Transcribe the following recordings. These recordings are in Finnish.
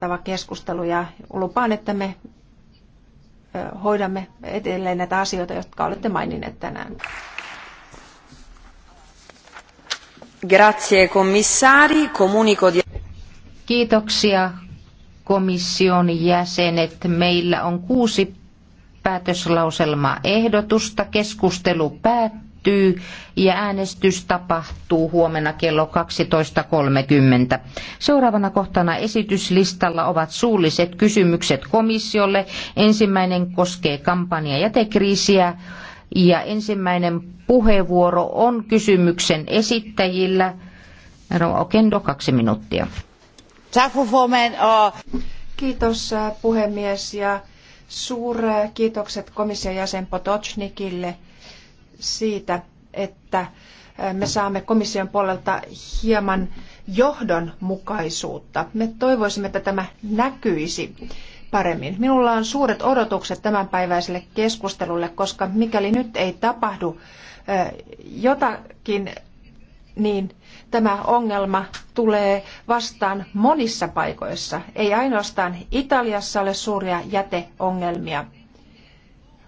kattava keskustelu ja lupaan, että me hoidamme edelleen näitä asioita, jotka olette maininneet tänään. Grazie commissari, comunico di... Kiitoksia komission jäsenet. Meillä on kuusi päätöslauselmaehdotusta. Keskustelu päättyy päättyy ja äänestys tapahtuu huomenna kello 12.30. Seuraavana kohtana esityslistalla ovat suulliset kysymykset komissiolle. Ensimmäinen koskee kampanja jätekriisiä ja ensimmäinen puheenvuoro on kysymyksen esittäjillä. No, Okendo, kaksi minuuttia. Kiitos äh, puhemies ja äh, kiitokset komission jäsen Potocnikille siitä, että me saamme komission puolelta hieman johdonmukaisuutta. Me toivoisimme, että tämä näkyisi paremmin. Minulla on suuret odotukset tämänpäiväiselle keskustelulle, koska mikäli nyt ei tapahdu jotakin, niin tämä ongelma tulee vastaan monissa paikoissa. Ei ainoastaan Italiassa ole suuria jäteongelmia.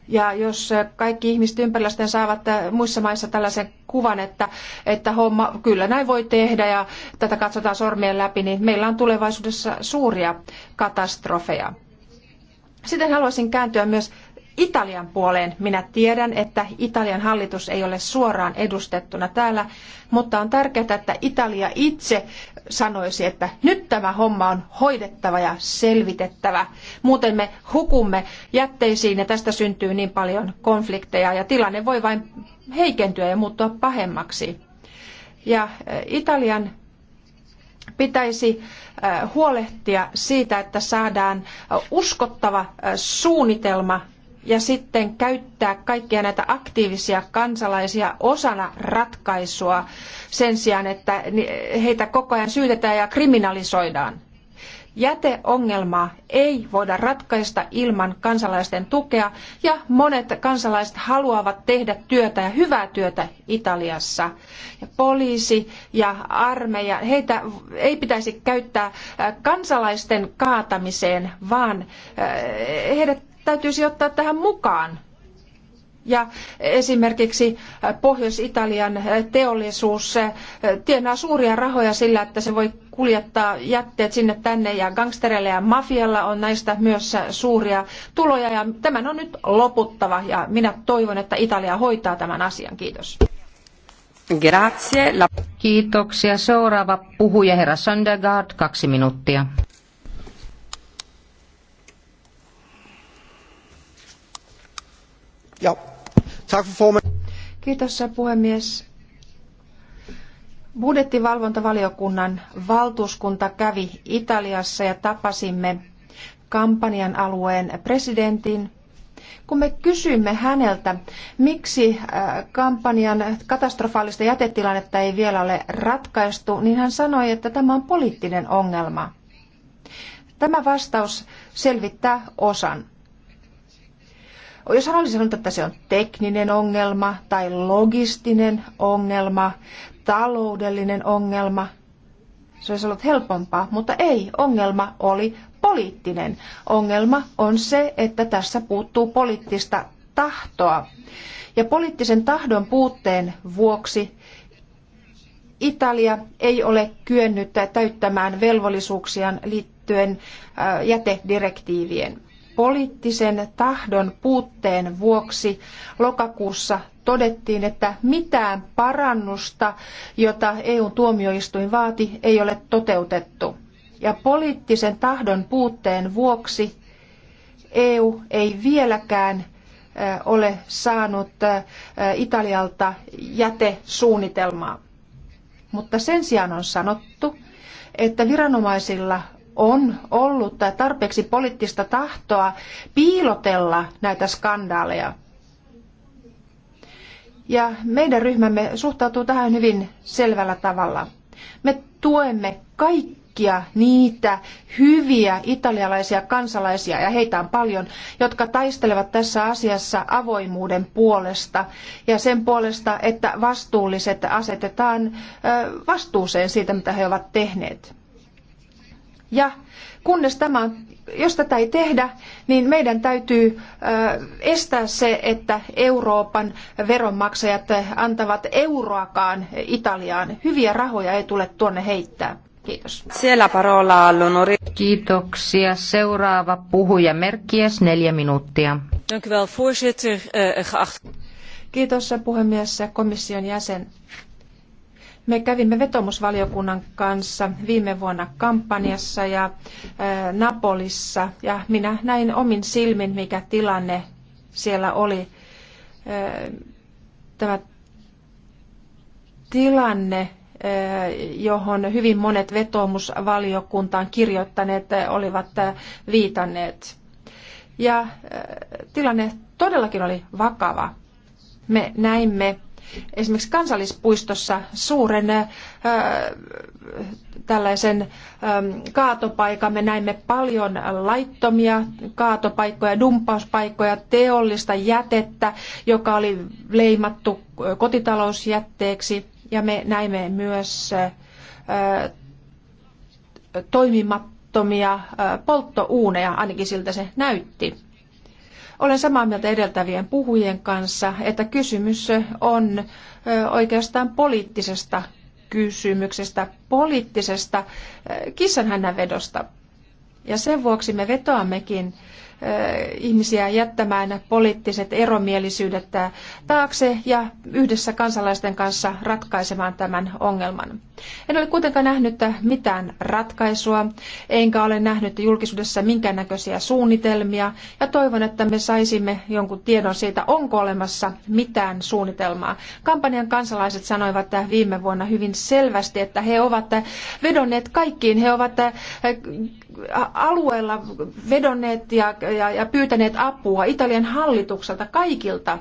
Ja jos äh, kaikki ihmiset ympärillä sitten saavat äh, muissa maissa tällaisen kuvan, että, että homma, kyllä näin voi tehdä ja tätä katsotaan sormien läpi, niin meillä on tulevaisuudessa suuria katastrofeja. Sitten haluaisin kääntyä myös Italian puoleen. Minä tiedän, että Italian hallitus ei ole suoraan edustettuna täällä, mutta on tärkeää, että Italia itse sanoisi, että nyt tämä homma on hoidettava ja selvitettävä. Muuten me hukumme jätteisiin ja tästä syntyy niin paljon konflikteja ja tilanne voi vain heikentyä ja muuttua pahemmaksi. Ja Italian pitäisi huolehtia siitä, että saadaan uskottava suunnitelma ja sitten käyttää kaikkia näitä aktiivisia kansalaisia osana ratkaisua sen sijaan, että heitä koko ajan syytetään ja kriminalisoidaan. Jäteongelmaa ei voida ratkaista ilman kansalaisten tukea ja monet kansalaiset haluavat tehdä työtä ja hyvää työtä Italiassa. Ja poliisi ja armeija, heitä ei pitäisi käyttää kansalaisten kaatamiseen, vaan heidät täytyisi ottaa tähän mukaan. Ja esimerkiksi Pohjois-Italian teollisuus tienaa suuria rahoja sillä, että se voi kuljettaa jätteet sinne tänne ja gangstereilla ja mafialla on näistä myös suuria tuloja ja tämän on nyt loputtava ja minä toivon, että Italia hoitaa tämän asian. Kiitos. Grazie. Kiitoksia. Seuraava puhuja herra Söndergaard, kaksi minuuttia. Ja. Tack för Kiitos puhemies. Budjettivalvontavaliokunnan valtuuskunta kävi Italiassa ja tapasimme kampanjan alueen presidentin. Kun me kysymme häneltä, miksi äh, kampanjan katastrofaalista jätetilannetta ei vielä ole ratkaistu, niin hän sanoi, että tämä on poliittinen ongelma. Tämä vastaus selvittää osan. Jos hän olisi sanonut, että se on tekninen ongelma tai logistinen ongelma, taloudellinen ongelma, se olisi ollut helpompaa, mutta ei, ongelma oli poliittinen. Ongelma on se, että tässä puuttuu poliittista tahtoa. Ja poliittisen tahdon puutteen vuoksi Italia ei ole kyennyt täyttämään velvollisuuksiaan liittyen äh, jätedirektiivien poliittisen tahdon puutteen vuoksi lokakuussa todettiin, että mitään parannusta, jota eu tuomioistuin vaati, ei ole toteutettu. Ja poliittisen tahdon puutteen vuoksi EU ei vieläkään ole saanut Italialta jätesuunnitelmaa. Mutta sen sijaan on sanottu, että viranomaisilla on ollut tarpeeksi poliittista tahtoa piilotella näitä skandaaleja. Ja meidän ryhmämme suhtautuu tähän hyvin selvällä tavalla. Me tuemme kaikkia niitä hyviä italialaisia kansalaisia, ja heitä on paljon, jotka taistelevat tässä asiassa avoimuuden puolesta ja sen puolesta, että vastuulliset asetetaan vastuuseen siitä, mitä he ovat tehneet. Ja kunnes tämä on, jos tätä ei tehdä, niin meidän täytyy estää se, että Euroopan veronmaksajat antavat euroakaan Italiaan. Hyviä rahoja ei tule tuonne heittää. Kiitos. Siellä parola allonori. Kiitoksia. Seuraava puhuja Merkkies, neljä minuuttia. Dank u wel, voorzitter. Eh, eh, Kiitos puhemies ja komission jäsen. Me kävimme vetomusvaliokunnan kanssa viime vuonna kampanjassa ja äh, Napolissa ja minä näin omin silmin, mikä tilanne siellä oli. Äh, tämä tilanne, äh, johon hyvin monet vetomusvaliokuntaan kirjoittaneet olivat viitanneet. Ja tilanne todellakin oli vakava. Me näimme esimerkiksi kansallispuistossa suuren äh, tällaisen ähm, kaatopaikan. Me näimme paljon laittomia kaatopaikkoja, dumppauspaikkoja, teollista jätettä, joka oli leimattu kotitalousjätteeksi. Ja me näimme myös äh, toimimattomia äh, polttouuneja, ainakin siltä se näytti olen samaa mieltä edeltävien puhujien kanssa, että kysymys on oikeastaan poliittisesta kysymyksestä, poliittisesta kissanhännänvedosta. Ja sen vuoksi me vetoammekin ihmisiä jättämään poliittiset eromielisyydet taakse ja yhdessä kansalaisten kanssa ratkaisemaan tämän ongelman. En ole kuitenkaan nähnyt mitään ratkaisua, enkä ole nähnyt julkisuudessa minkäännäköisiä suunnitelmia, ja toivon, että me saisimme jonkun tiedon siitä, onko olemassa mitään suunnitelmaa. Kampanjan kansalaiset sanoivat viime vuonna hyvin selvästi, että he ovat vedonneet kaikkiin, he ovat alueella vedonneet ja ja, ja pyytäneet apua Italian hallitukselta kaikilta.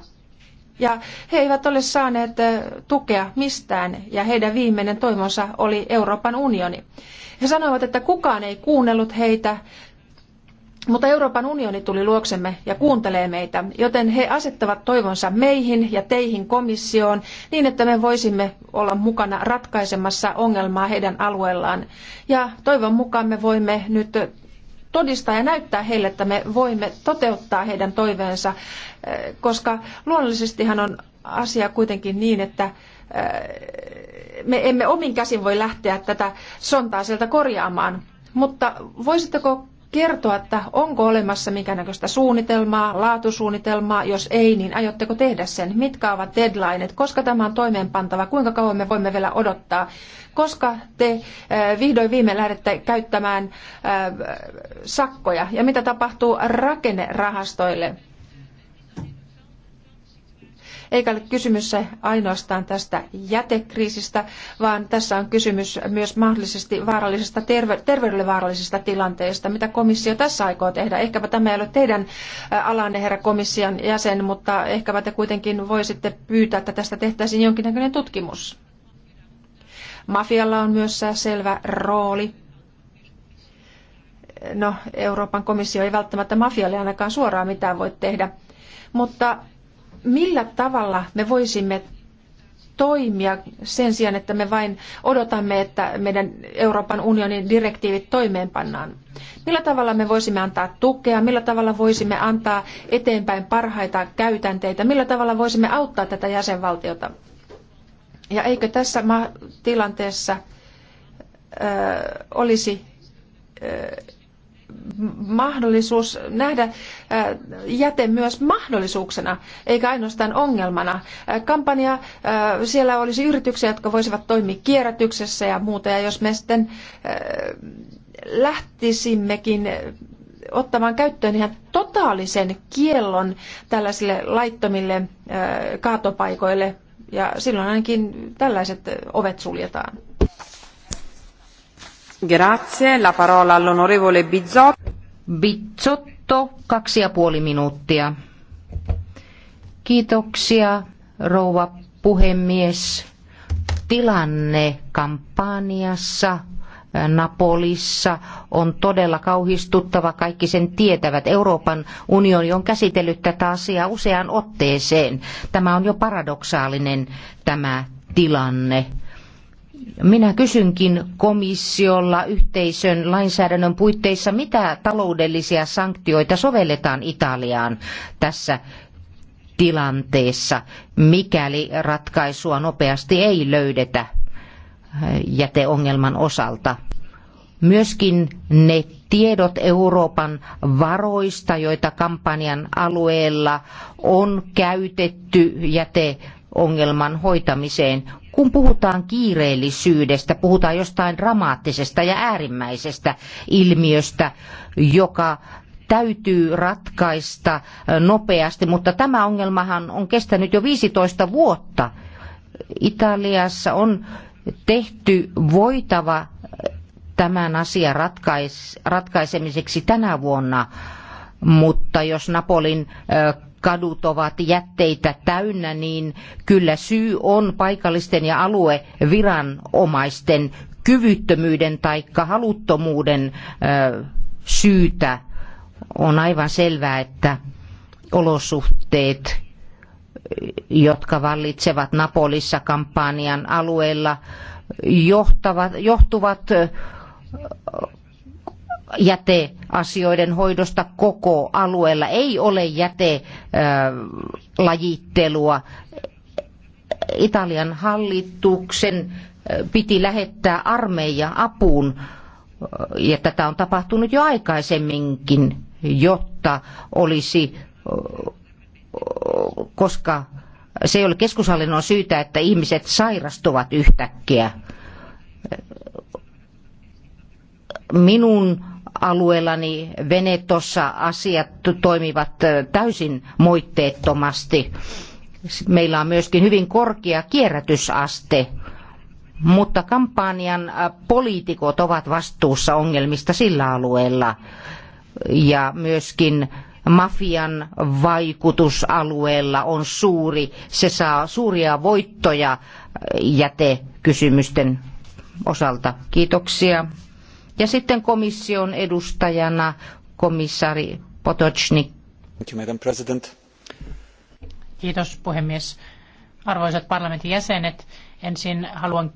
Ja he eivät ole saaneet eh, tukea mistään ja heidän viimeinen toimonsa oli Euroopan unioni. He sanoivat, että kukaan ei kuunnellut heitä, mutta Euroopan unioni tuli luoksemme ja kuuntelee meitä, joten he asettavat toivonsa meihin ja teihin komissioon niin, että me voisimme olla mukana ratkaisemassa ongelmaa heidän alueellaan. Ja toivon mukaan me voimme nyt todistaa ja näyttää heille, että me voimme toteuttaa heidän toiveensa, eh, koska luonnollisestihan on asia kuitenkin niin, että eh, me emme omin käsin voi lähteä tätä sontaa sieltä korjaamaan. Mutta voisitteko kertoa, että onko olemassa minkäännäköistä suunnitelmaa, laatusuunnitelmaa, jos ei, niin aiotteko tehdä sen? Mitkä ovat deadlineet? Koska tämä on toimeenpantava? Kuinka kauan me voimme vielä odottaa? Koska te eh, vihdoin viime lähdette käyttämään eh, sakkoja? Ja mitä tapahtuu rakennerahastoille? Eikä ole kysymys ainoastaan tästä jätekriisistä, vaan tässä on kysymys myös mahdollisesti vaarallisesta terve- terveydelle vaarallisista tilanteista. Mitä komissio tässä aikoo tehdä? Ehkäpä tämä ei ole teidän alanne, herra komission jäsen, mutta ehkäpä te kuitenkin voisitte pyytää, että tästä tehtäisiin jonkinnäköinen tutkimus. Mafialla on myös selvä rooli no, Euroopan komissio ei välttämättä mafialle ainakaan suoraan mitään voi tehdä. Mutta millä tavalla me voisimme toimia sen sijaan, että me vain odotamme, että meidän Euroopan unionin direktiivit toimeenpannaan. Millä tavalla me voisimme antaa tukea, millä tavalla voisimme antaa eteenpäin parhaita käytänteitä, millä tavalla voisimme auttaa tätä jäsenvaltiota. Ja eikö tässä tilanteessa ö, olisi mahdollisuus nähdä äh, jäte myös mahdollisuuksena, eikä ainoastaan ongelmana. Äh, kampanja, äh, siellä olisi yrityksiä, jotka voisivat toimia kierrätyksessä ja muuta, ja jos me sitten lähtisimmekin ottamaan käyttöön ihan totaalisen kiellon tällaisille laittomille kaatopaikoille, ja silloin ainakin tällaiset ovet suljetaan. Grazie. La parola all'onorevole Bizzotto. Bizzotto, kaksi ja puoli minuuttia. Kiitoksia, rouva puhemies. Tilanne kampanjassa äh, Napolissa on todella kauhistuttava. Kaikki sen tietävät. Euroopan unioni on käsitellyt tätä asiaa useaan otteeseen. Tämä on jo paradoksaalinen tämä tilanne minä kysynkin komissiolla yhteisön lainsäädännön puitteissa, mitä taloudellisia sanktioita sovelletaan Italiaan tässä tilanteessa, mikäli ratkaisua nopeasti ei löydetä eh, jäteongelman osalta. Myöskin ne tiedot Euroopan varoista, joita kampanjan alueella on käytetty jäteongelman hoitamiseen, kun puhutaan kiireellisyydestä, puhutaan jostain dramaattisesta ja äärimmäisestä ilmiöstä, joka täytyy ratkaista nopeasti, mutta tämä ongelmahan on kestänyt jo 15 vuotta. Italiassa on tehty voitava tämän asian ratkaisemiseksi tänä vuonna, mutta jos Napolin kadut ovat jätteitä täynnä, niin kyllä syy on paikallisten ja alueviranomaisten kyvyttömyyden tai haluttomuuden syytä. On aivan selvää, että olosuhteet, jotka vallitsevat Napolissa kampanjan alueella, johtavat, johtuvat jäteasioiden hoidosta koko alueella. Ei ole jätelajittelua. Italian hallituksen piti lähettää armeija apuun, ja tätä on tapahtunut jo aikaisemminkin, jotta olisi, koska se ei ole keskushallinnon syytä, että ihmiset sairastuvat yhtäkkiä. Minun alueellani Venetossa asiat toimivat täysin moitteettomasti. Meillä on myöskin hyvin korkea kierrätysaste, mutta kampanjan poliitikot ovat vastuussa ongelmista sillä alueella. Ja myöskin mafian vaikutus alueella on suuri. Se saa suuria voittoja jätekysymysten osalta. Kiitoksia. Ja sitten komission edustajana komissaari Potocnik. Kiitos puhemies. Arvoisat parlamentin jäsenet, ensin haluan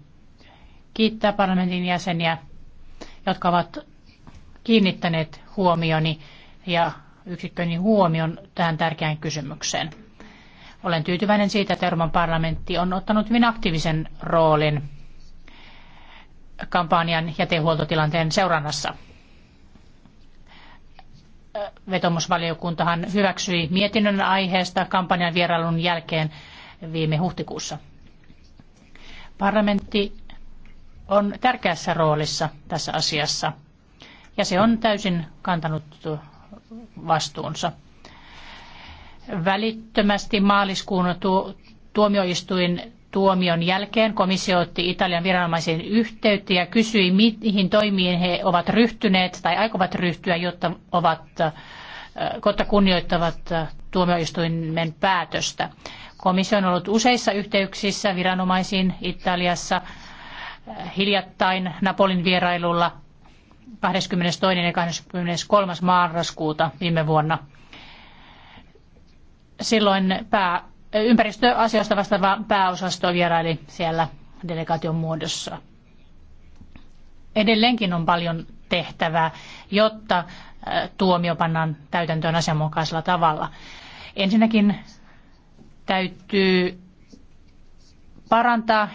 kiittää parlamentin jäseniä, jotka ovat kiinnittäneet huomioni ja yksikköni huomion tähän tärkeään kysymykseen. Olen tyytyväinen siitä, että Euroopan parlamentti on ottanut hyvin aktiivisen roolin kampanjan jätehuoltotilanteen seurannassa. Vetomusvaliokuntahan hyväksyi mietinnön aiheesta kampanjan vierailun jälkeen viime huhtikuussa. Parlamentti on tärkeässä roolissa tässä asiassa ja se on täysin kantanut vastuunsa. Välittömästi maaliskuun tuomioistuin tuomion jälkeen komissio otti Italian viranomaisiin yhteyttä ja kysyi, mihin toimiin he ovat ryhtyneet tai aikovat ryhtyä, jotta, ovat, jotta kunnioittavat tuomioistuimen päätöstä. Komissio on ollut useissa yhteyksissä viranomaisiin Italiassa hiljattain Napolin vierailulla 22. ja 23. marraskuuta viime vuonna. Silloin pää ympäristöasioista vastaava pääosasto vieraili siellä delegaation muodossa. Edelleenkin on paljon tehtävää, jotta äh, tuomio pannaan täytäntöön asianmukaisella tavalla. Ensinnäkin täytyy parantaa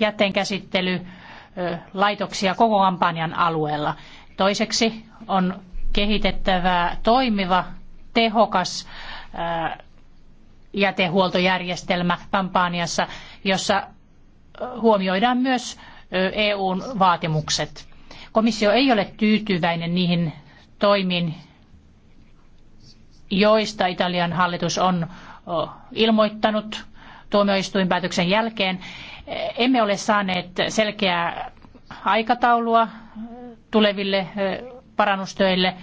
jätteenkäsittely äh, laitoksia koko kampanjan alueella. Toiseksi on kehitettävä toimiva, tehokas äh, jätehuoltojärjestelmä kampanjassa, jossa huomioidaan myös EUn vaatimukset. Komissio ei ole tyytyväinen niihin toimiin, joista Italian hallitus on ilmoittanut tuomioistuinpäätöksen jälkeen. Emme ole saaneet selkeää aikataulua tuleville parannustöille.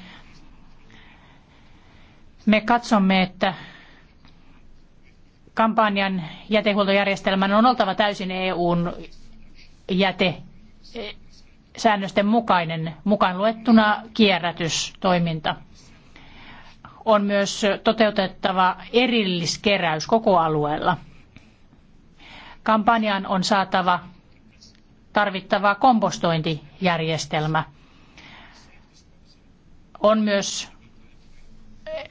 Me katsomme, että kampanjan jätehuoltojärjestelmän on oltava täysin EUn jäte eh, säännösten mukainen, mukaan luettuna kierrätystoiminta. On myös toteutettava erilliskeräys koko alueella. Kampanjaan on saatava tarvittava kompostointijärjestelmä. On myös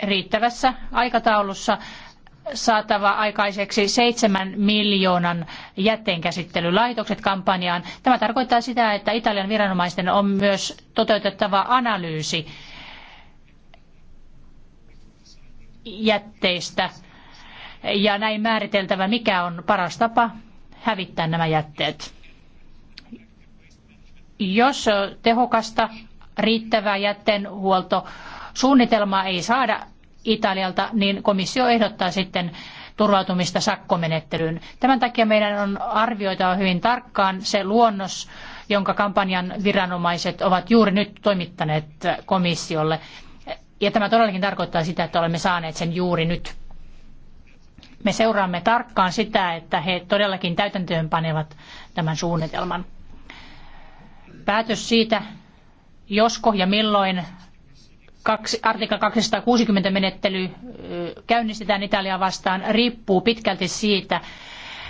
riittävässä aikataulussa saatava aikaiseksi seitsemän miljoonan jätteenkäsittelylaitokset kampanjaan. Tämä tarkoittaa sitä, että Italian viranomaisten on myös toteutettava analyysi jätteistä ja näin määriteltävä, mikä on paras tapa hävittää nämä jätteet. Jos tehokasta, riittävää jätteenhuoltosuunnitelmaa ei saada Italialta, niin komissio ehdottaa sitten turvautumista sakkomenettelyyn. Tämän takia meidän on arvioitava hyvin tarkkaan se luonnos, jonka kampanjan viranomaiset ovat juuri nyt toimittaneet komissiolle. Ja tämä todellakin tarkoittaa sitä, että olemme saaneet sen juuri nyt. Me seuraamme tarkkaan sitä, että he todellakin täytäntöön panevat tämän suunnitelman. Päätös siitä, josko ja milloin artikla 260 menettely käynnistetään Italiaa vastaan riippuu pitkälti siitä,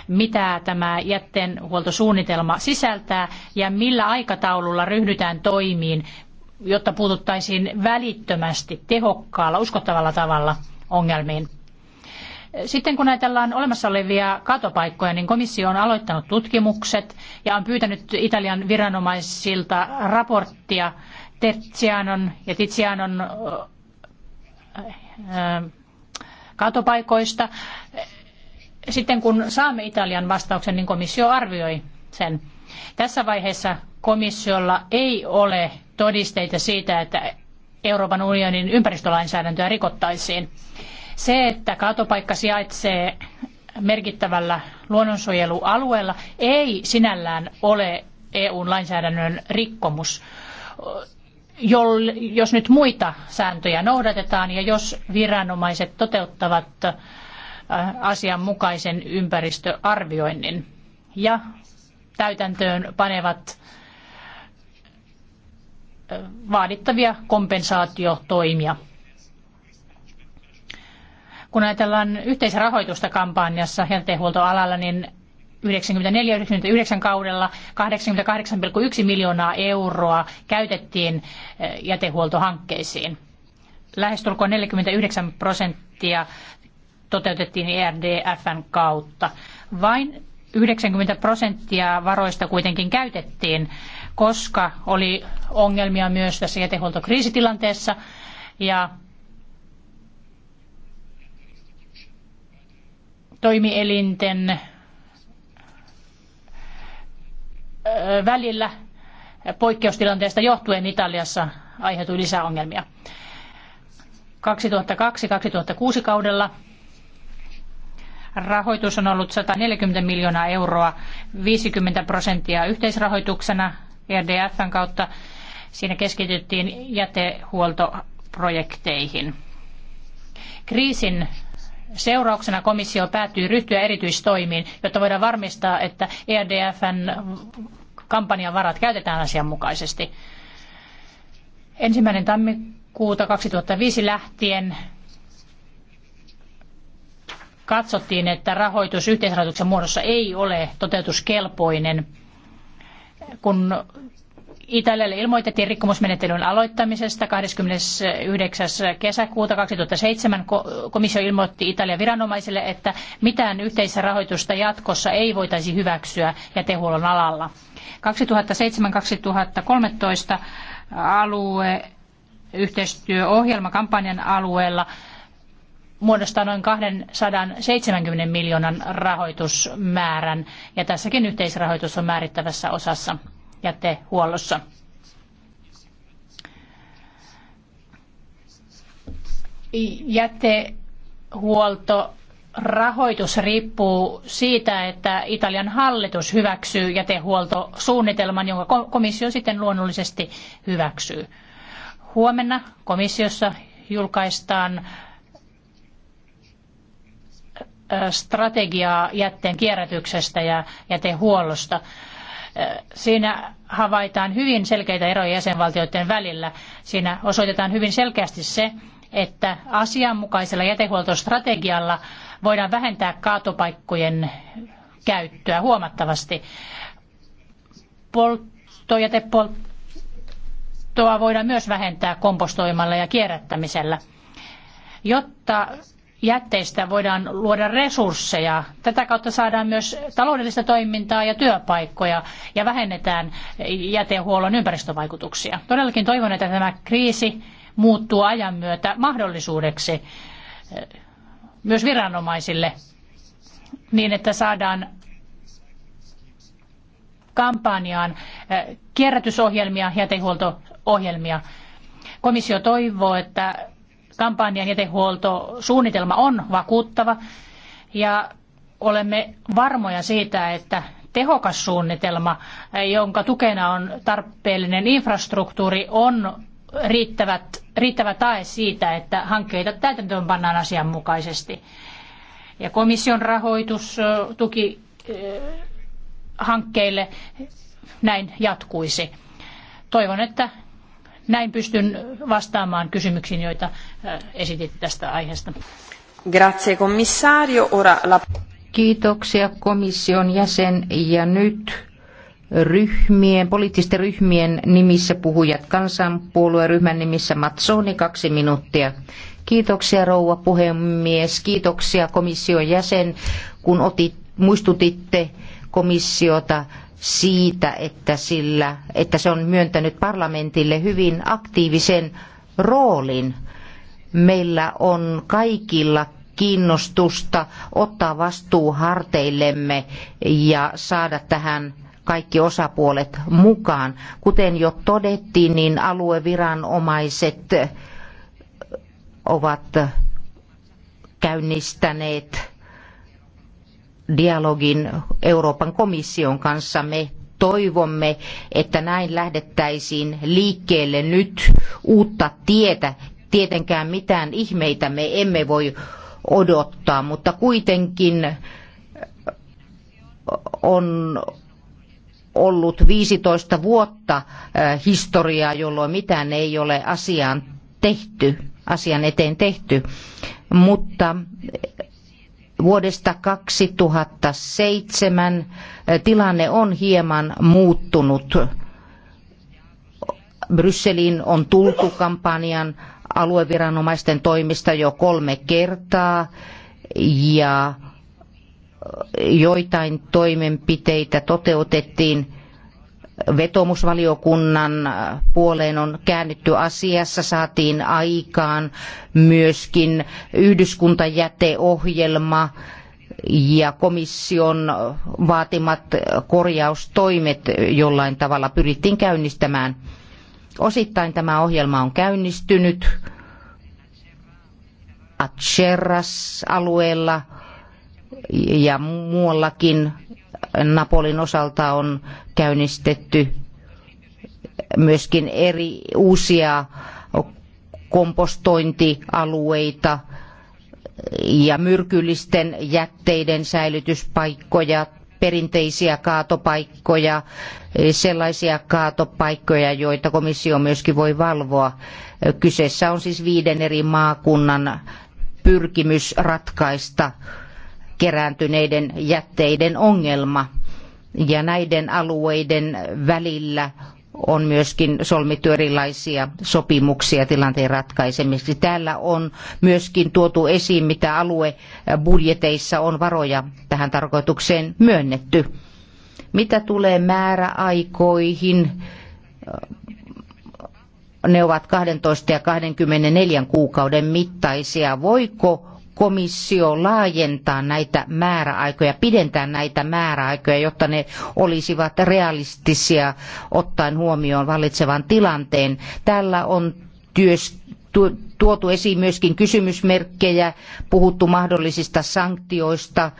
mitä tämä jätteenhuoltosuunnitelma sisältää ja millä aikataululla ryhdytään toimiin, jotta puututtaisiin välittömästi tehokkaalla, uskottavalla tavalla ongelmiin. Sitten kun ajatellaan olemassa olevia kaatopaikkoja, niin komissio on aloittanut tutkimukset ja on pyytänyt Italian viranomaisilta raporttia Tertsianon ja Titsianon katopaikoista. Sitten kun saamme Italian vastauksen, niin komissio arvioi sen. Tässä vaiheessa komissiolla ei ole todisteita siitä, että Euroopan unionin ympäristölainsäädäntöä rikottaisiin. Se, että kaatopaikka sijaitsee merkittävällä luonnonsuojelualueella, ei sinällään ole EUn lainsäädännön rikkomus jos nyt muita sääntöjä noudatetaan ja jos viranomaiset toteuttavat äh, asianmukaisen ympäristöarvioinnin ja täytäntöön panevat äh, vaadittavia kompensaatiotoimia. Kun ajatellaan yhteisrahoitusta kampanjassa jätehuoltoalalla, niin 94-99 kaudella 88,1 miljoonaa euroa käytettiin eh, jätehuoltohankkeisiin. Lähestulkoon 49 prosenttia toteutettiin ERDFn kautta. Vain 90 prosenttia varoista kuitenkin käytettiin, koska oli ongelmia myös tässä jätehuoltokriisitilanteessa ja toimielinten välillä poikkeustilanteesta johtuen Italiassa aiheutui lisää ongelmia. 2002-2006 kaudella rahoitus on ollut 140 miljoonaa euroa, 50 prosenttia yhteisrahoituksena EDFn kautta. Siinä keskityttiin jätehuoltoprojekteihin. Kriisin seurauksena komissio päätyy ryhtyä erityistoimiin, jotta voidaan varmistaa, että ERDFn kampanjan varat käytetään asianmukaisesti. Ensimmäinen tammikuuta 2005 lähtien katsottiin, että rahoitus yhteisrahoituksen muodossa ei ole toteutuskelpoinen, kun Italialle ilmoitettiin rikkomusmenettelyn aloittamisesta 29. kesäkuuta 2007. Komissio ilmoitti Italian viranomaisille, että mitään yhteisrahoitusta jatkossa ei voitaisi hyväksyä jätehuollon alalla. 2007-2013 alue yhteistyöohjelma kampanjan alueella muodostaa noin 270 miljoonan rahoitusmäärän ja tässäkin yhteisrahoitus on määrittävässä osassa jätehuollossa. Jätehuolto rahoitus riippuu siitä, että Italian hallitus hyväksyy jätehuoltosuunnitelman, jonka komissio sitten luonnollisesti hyväksyy. Huomenna komissiossa julkaistaan strategiaa jätteen kierrätyksestä ja jätehuollosta. Siinä havaitaan hyvin selkeitä eroja jäsenvaltioiden välillä. Siinä osoitetaan hyvin selkeästi se, että asianmukaisella jätehuoltostrategialla voidaan vähentää kaatopaikkojen käyttöä huomattavasti. Polttojätepolttoa voidaan myös vähentää kompostoimalla ja kierrättämisellä. Jotta jätteistä voidaan luoda resursseja. Tätä kautta saadaan myös taloudellista toimintaa ja työpaikkoja ja vähennetään jätehuollon ympäristövaikutuksia. Todellakin toivon, että tämä kriisi muuttuu ajan myötä mahdollisuudeksi eh, myös viranomaisille niin, että saadaan kampanjaan eh, kierrätysohjelmia, jätehuolto ohjelmia. Komissio toivoo, että kampanjan jätehuoltosuunnitelma on vakuuttava ja olemme varmoja siitä, että tehokas suunnitelma, jonka tukena on tarpeellinen infrastruktuuri, on riittävät, riittävä tae siitä, että hankkeita täytäntöön pannaan asianmukaisesti. Ja komission rahoitus tuki hankkeille näin jatkuisi. Toivon, että näin pystyn vastaamaan kysymyksiin, joita äh, esititte tästä aiheesta. Grazie commissario. Ora la... Kiitoksia komission jäsen ja nyt ryhmien, poliittisten ryhmien nimissä puhujat kansanpuolueryhmän nimissä Matsoni kaksi minuuttia. Kiitoksia rouva puhemies, kiitoksia komission jäsen, kun otit, muistutitte komissiota siitä, että, sillä, että se on myöntänyt parlamentille hyvin aktiivisen roolin. Meillä on kaikilla kiinnostusta ottaa vastuu harteillemme ja saada tähän kaikki osapuolet mukaan. Kuten jo todettiin, niin alueviranomaiset ovat käynnistäneet dialogin Euroopan komission kanssa. Me toivomme, että näin lähdettäisiin liikkeelle nyt uutta tietä. Tietenkään mitään ihmeitä me emme voi odottaa, mutta kuitenkin on ollut 15 vuotta äh, historiaa, jolloin mitään ei ole asiaan tehty, asian eteen tehty. Mutta Vuodesta 2007 eh, tilanne on hieman muuttunut. Brysseliin on tultu kampanjan alueviranomaisten toimista jo kolme kertaa ja eh, joitain toimenpiteitä toteutettiin vetomusvaliokunnan puoleen on käännytty asiassa, saatiin aikaan myöskin yhdyskuntajäteohjelma ja komission vaatimat korjaustoimet jollain tavalla pyrittiin käynnistämään. Osittain tämä ohjelma on käynnistynyt Acheras-alueella ja muuallakin Napolin osalta on käynnistetty myöskin eri uusia kompostointialueita ja myrkyllisten jätteiden säilytyspaikkoja, perinteisiä kaatopaikkoja, sellaisia kaatopaikkoja, joita komissio myöskin voi valvoa. Kyseessä on siis viiden eri maakunnan pyrkimys ratkaista kerääntyneiden jätteiden ongelma. Ja näiden alueiden välillä on myöskin solmittu erilaisia sopimuksia tilanteen ratkaisemiseksi. Täällä on myöskin tuotu esiin, mitä aluebudjeteissa on varoja tähän tarkoitukseen myönnetty. Mitä tulee määräaikoihin, ne ovat 12 ja 24 kuukauden mittaisia. Voiko komissio laajentaa näitä määräaikoja, pidentää näitä määräaikoja, jotta ne olisivat realistisia ottaen huomioon vallitsevan tilanteen. Tällä on työs, tuotu esiin myöskin kysymysmerkkejä, puhuttu mahdollisista sanktioista.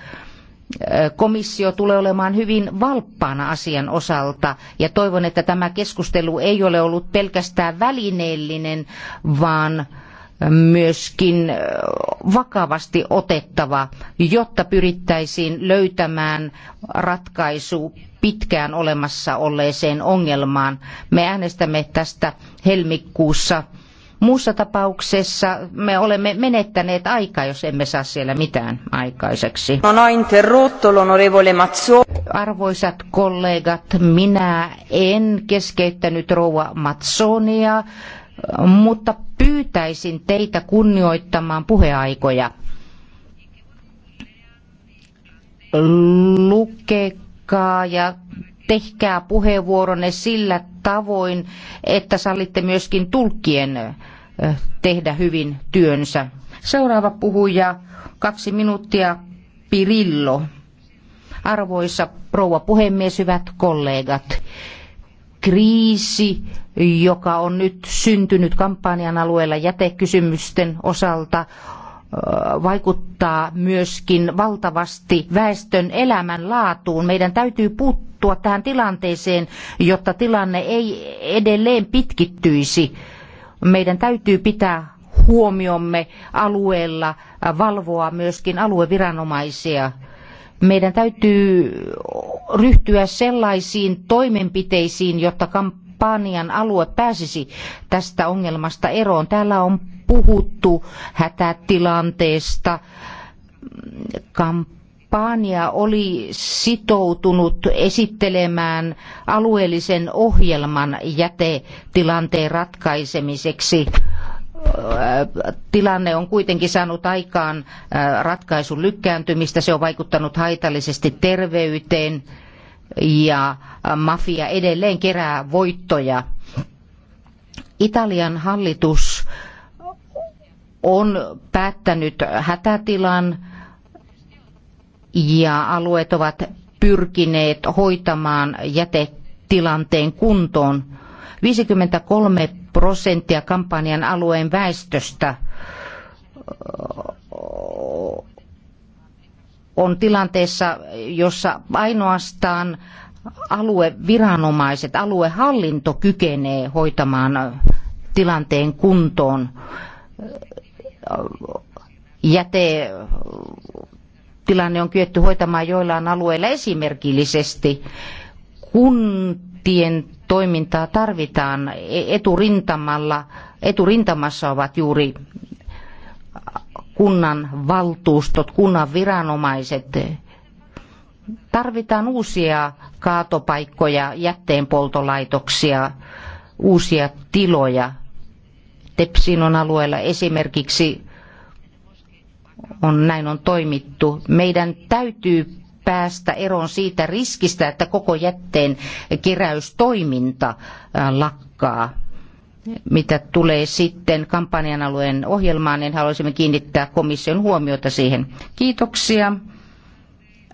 Komissio tulee olemaan hyvin valppaana asian osalta ja toivon, että tämä keskustelu ei ole ollut pelkästään välineellinen, vaan myöskin vakavasti otettava, jotta pyrittäisiin löytämään ratkaisu pitkään olemassa olleeseen ongelmaan. Me äänestämme tästä helmikuussa. Muussa tapauksessa me olemme menettäneet aikaa, jos emme saa siellä mitään aikaiseksi. No, no, Arvoisat kollegat, minä en keskeyttänyt rouva Matsonia mutta pyytäisin teitä kunnioittamaan puheaikoja. Lukekaa ja tehkää puheenvuoronne sillä tavoin, että sallitte myöskin tulkkien tehdä hyvin työnsä. Seuraava puhuja, kaksi minuuttia, Pirillo. Arvoisa rouva puhemies, hyvät kollegat kriisi, joka on nyt syntynyt kampanjan alueella jätekysymysten osalta, vaikuttaa myöskin valtavasti väestön elämänlaatuun. Meidän täytyy puuttua tähän tilanteeseen, jotta tilanne ei edelleen pitkittyisi. Meidän täytyy pitää huomiomme alueella, valvoa myöskin alueviranomaisia meidän täytyy ryhtyä sellaisiin toimenpiteisiin, jotta kampanjan alue pääsisi tästä ongelmasta eroon. Täällä on puhuttu hätätilanteesta. Kampanja oli sitoutunut esittelemään alueellisen ohjelman jätetilanteen ratkaisemiseksi tilanne on kuitenkin saanut aikaan äh, ratkaisun lykkääntymistä. Se on vaikuttanut haitallisesti terveyteen ja äh, mafia edelleen kerää voittoja. Italian hallitus on päättänyt hätätilan ja alueet ovat pyrkineet hoitamaan jätetilanteen kuntoon. 53 prosenttia kampanjan alueen väestöstä on tilanteessa, jossa ainoastaan alueviranomaiset, aluehallinto kykenee hoitamaan tilanteen kuntoon. Jäte tilanne on kyetty hoitamaan joillain alueilla esimerkillisesti. Kuntien toimintaa tarvitaan. Eturintamalla, eturintamassa ovat juuri kunnan valtuustot, kunnan viranomaiset. Tarvitaan uusia kaatopaikkoja, jätteenpoltolaitoksia, uusia tiloja. Tepsinon alueella esimerkiksi on, näin on toimittu. Meidän täytyy päästä eroon siitä riskistä, että koko jätteen keräystoiminta äh, lakkaa. Mitä tulee sitten kampanjan alueen ohjelmaan, niin haluaisimme kiinnittää komission huomiota siihen. Kiitoksia.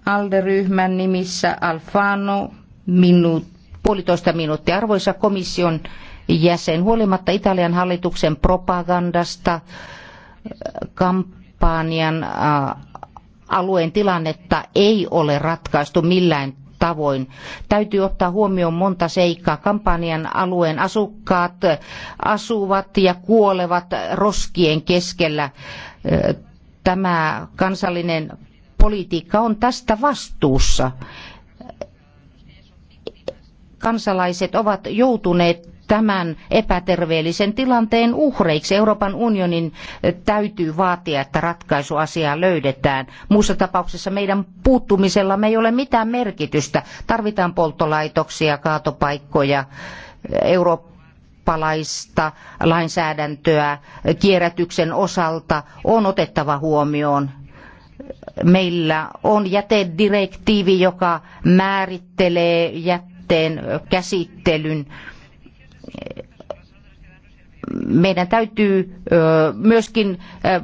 ALDE-ryhmän nimissä Alfano, minuut, puolitoista minuuttia. Arvoisa komission jäsen, huolimatta Italian hallituksen propagandasta, äh, kampanjan äh, alueen tilannetta ei ole ratkaistu millään tavoin. Täytyy ottaa huomioon monta seikkaa. Kampanjan alueen asukkaat asuvat ja kuolevat roskien keskellä. Tämä kansallinen politiikka on tästä vastuussa. Kansalaiset ovat joutuneet tämän epäterveellisen tilanteen uhreiksi. Euroopan unionin eh, täytyy vaatia, että ratkaisu asiaan löydetään. Muussa tapauksessa meidän puuttumisella me ei ole mitään merkitystä. Tarvitaan polttolaitoksia, kaatopaikkoja, Eurooppa eh, eurooppalaista lainsäädäntöä eh, kierrätyksen osalta on otettava huomioon. Meillä on jätedirektiivi, joka määrittelee jätteen käsittelyn meidän täytyy myöskin,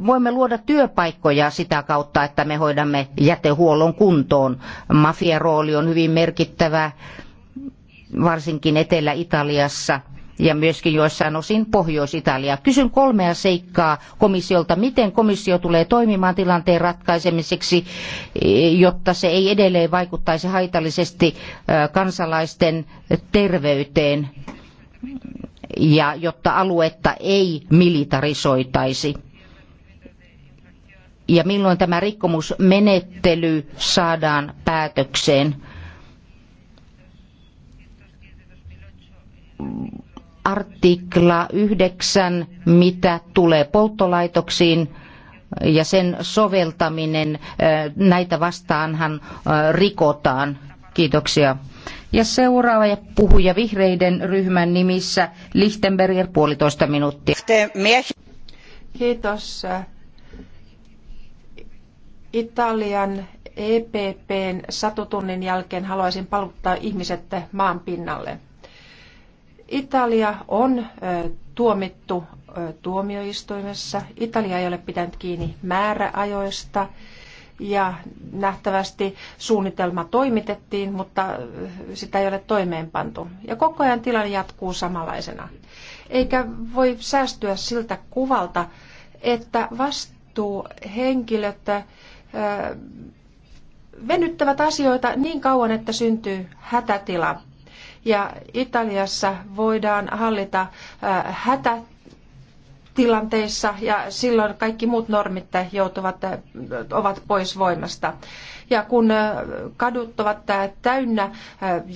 voimme luoda työpaikkoja sitä kautta, että me hoidamme jätehuollon kuntoon. Mafian rooli on hyvin merkittävä, varsinkin Etelä-Italiassa ja myöskin joissain osin Pohjois-Italia. Kysyn kolmea seikkaa komissiolta. Miten komissio tulee toimimaan tilanteen ratkaisemiseksi, jotta se ei edelleen vaikuttaisi haitallisesti kansalaisten terveyteen? ja jotta aluetta ei militarisoitaisi. Ja milloin tämä rikkomusmenettely saadaan päätökseen? Artikla 9, mitä tulee polttolaitoksiin, ja sen soveltaminen, näitä vastaanhan rikotaan Kiitoksia. Ja seuraava ja puhuja vihreiden ryhmän nimissä Lichtenberger puolitoista minuuttia. Kiitos. Italian EPPn satutunnin jälkeen haluaisin paluttaa ihmiset maan pinnalle. Italia on tuomittu tuomioistuimessa. Italia ei ole pitänyt kiinni määräajoista ja nähtävästi suunnitelma toimitettiin, mutta sitä ei ole toimeenpantu. Ja koko ajan tilanne jatkuu samanlaisena. Eikä voi säästyä siltä kuvalta, että vastuuhenkilöt venyttävät asioita niin kauan, että syntyy hätätila. Ja Italiassa voidaan hallita hätätila tilanteissa ja silloin kaikki muut normit joutuvat, äh, ovat pois voimasta. Ja kun äh, kadut ovat äh, täynnä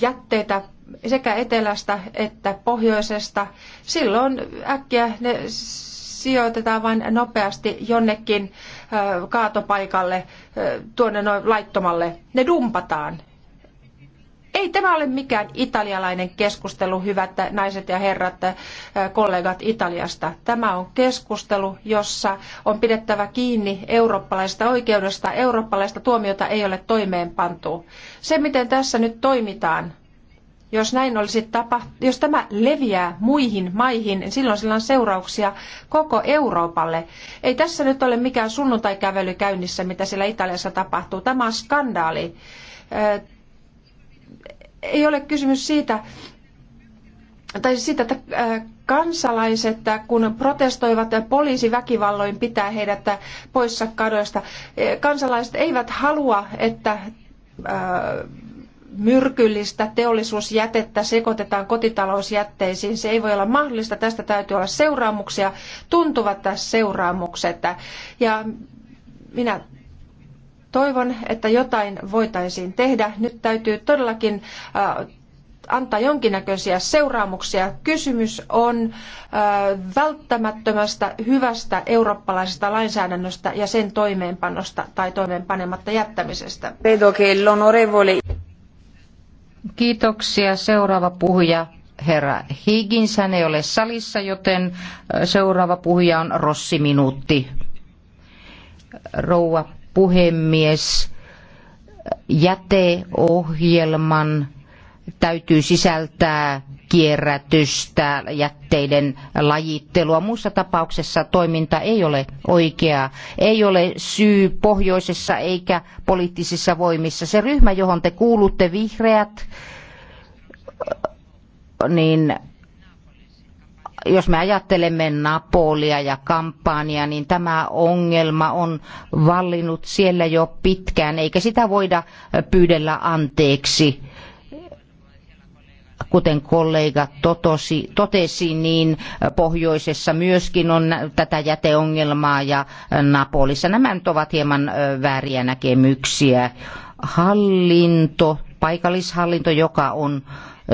jätteitä sekä etelästä että pohjoisesta, silloin äkkiä ne sijoitetaan vain nopeasti jonnekin kaatopaikalle, tuonne noin laittomalle. Ne dumpataan. Ei tämä ole mikään italialainen keskustelu, hyvät naiset ja herrat, äh, kollegat Italiasta. Tämä on keskustelu, jossa on pidettävä kiinni eurooppalaista oikeudesta. Eurooppalaista tuomiota ei ole toimeenpantu. Se, miten tässä nyt toimitaan, jos näin olisi tapa, jos tämä leviää muihin maihin, niin silloin sillä on seurauksia koko Euroopalle. Ei tässä nyt ole mikään sunnuntaikävely käynnissä, mitä siellä Italiassa tapahtuu. Tämä on skandaali. Äh, ei ole kysymys siitä, tai siis siitä, että kansalaiset, kun protestoivat poliisi väkivalloin pitää heidät poissa kadoista. Kansalaiset eivät halua, että myrkyllistä teollisuusjätettä sekoitetaan kotitalousjätteisiin. Se ei voi olla mahdollista. Tästä täytyy olla seuraamuksia, tuntuvat tässä seuraamukset. Ja minä toivon, että jotain voitaisiin tehdä. Nyt täytyy todellakin äh, antaa jonkinnäköisiä seuraamuksia. Kysymys on äh, välttämättömästä hyvästä eurooppalaisesta lainsäädännöstä ja sen toimeenpanosta tai toimeenpanematta jättämisestä. Kiitoksia. Seuraava puhuja, herra Higgins, hän ei ole salissa, joten äh, seuraava puhuja on Rossi Minuutti. Rouva puhemies. Jäteohjelman täytyy sisältää kierrätystä, jätteiden lajittelua. Muussa tapauksessa toiminta ei ole oikeaa. Ei ole syy pohjoisessa eikä poliittisissa voimissa. Se ryhmä, johon te kuulutte, vihreät, niin jos me ajattelemme Napolia ja kampanjaa, niin tämä ongelma on vallinnut siellä jo pitkään, eikä sitä voida pyydellä anteeksi kuten kollega totosi, totesi, niin pohjoisessa myöskin on tätä jäteongelmaa ja Napolissa. Nämä nyt ovat hieman vääriä näkemyksiä. Hallinto, paikallishallinto, joka on